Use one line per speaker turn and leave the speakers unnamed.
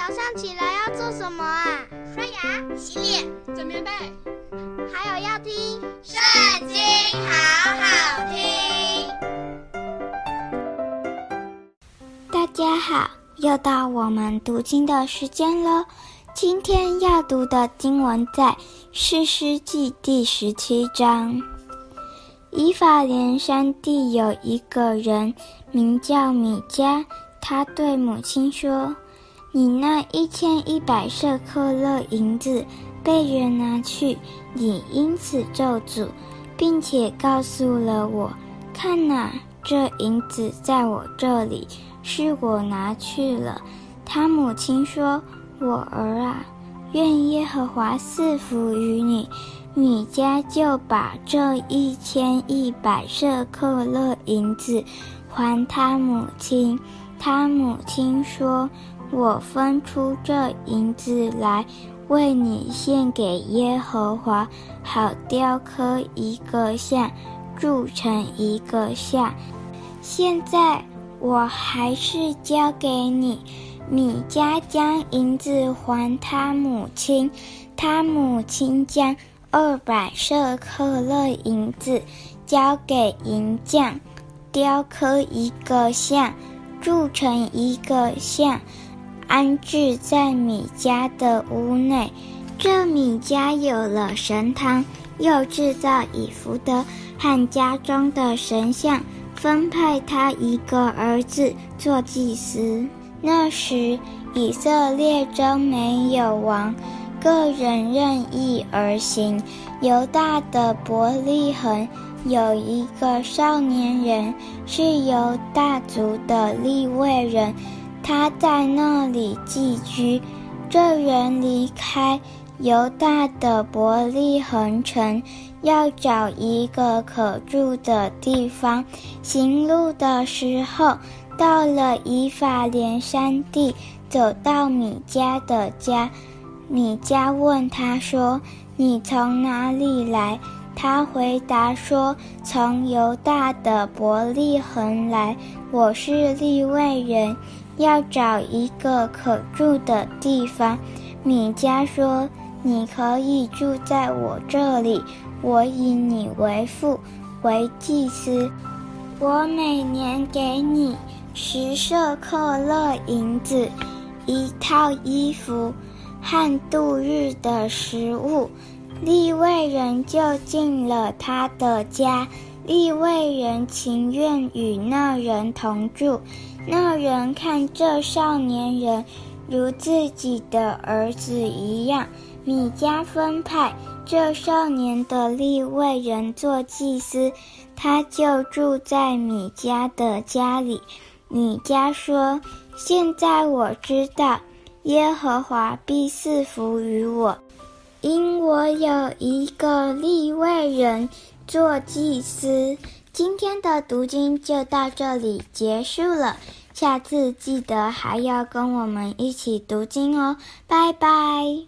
早上起來要做什麼啊？刷牙、洗臉、準備備，還有要聽《聖經》，好好聽。大家好，又到我們讀經的時間了。今天要讀的經文在《士師記》第十七章。以法蓮山地有一個人，名叫米迦，他對母親說。你那一千一百舍客勒銀子被人拿去，你因此咒詛，並且告訴了我。看哪、啊，這銀子在我這裡，是我拿去了。他母親說：“我兒啊，願耶和華賜福與你。”米迦就把這一千一百舍客勒銀子還他母親。他母親說：“我分出這銀子來，為你獻給耶和華，好雕刻一個像，鑄成一個像。現在我還是交給你。米迦將銀子還他母親。他母親將二百舍客勒銀子交給銀匠，雕刻一個像。”鑄成一個像，安置在米迦的屋內。這米迦有了神堂，又製造以弗得和家中的神像，分派他一個兒子作祭司。那時以色列中沒有王，各人任意而行。猶大的伯利恆。有一個少年人，是猶大族的利未人，他在那裡寄居。這人離開猶大的伯利恆城，要找一個可住的地方。行路的時候，到了以法蓮山地，走到米迦的家。米迦問他說：“你從哪裡來？”他回答說：“從猶大的伯利恆來，我是利未人，要找一個可住的地方。”米迦說：“你可以住在我這裡，我以你為父，為祭司，我每年給你十舍客勒銀子，一套衣服，和度日的食物。”利未人就進了他的家，利未人情願與那人同住。那人看這少年人，如自己的兒子一樣。米迦分派這少年的利未人做祭司，他就住在米迦的家裡。米迦說：“現在我知道，耶和華必賜福於我。”因我有一個利未人做祭司，今天的讀經就到這裡結束了。下次記得還要跟我們一起讀經哦，拜拜。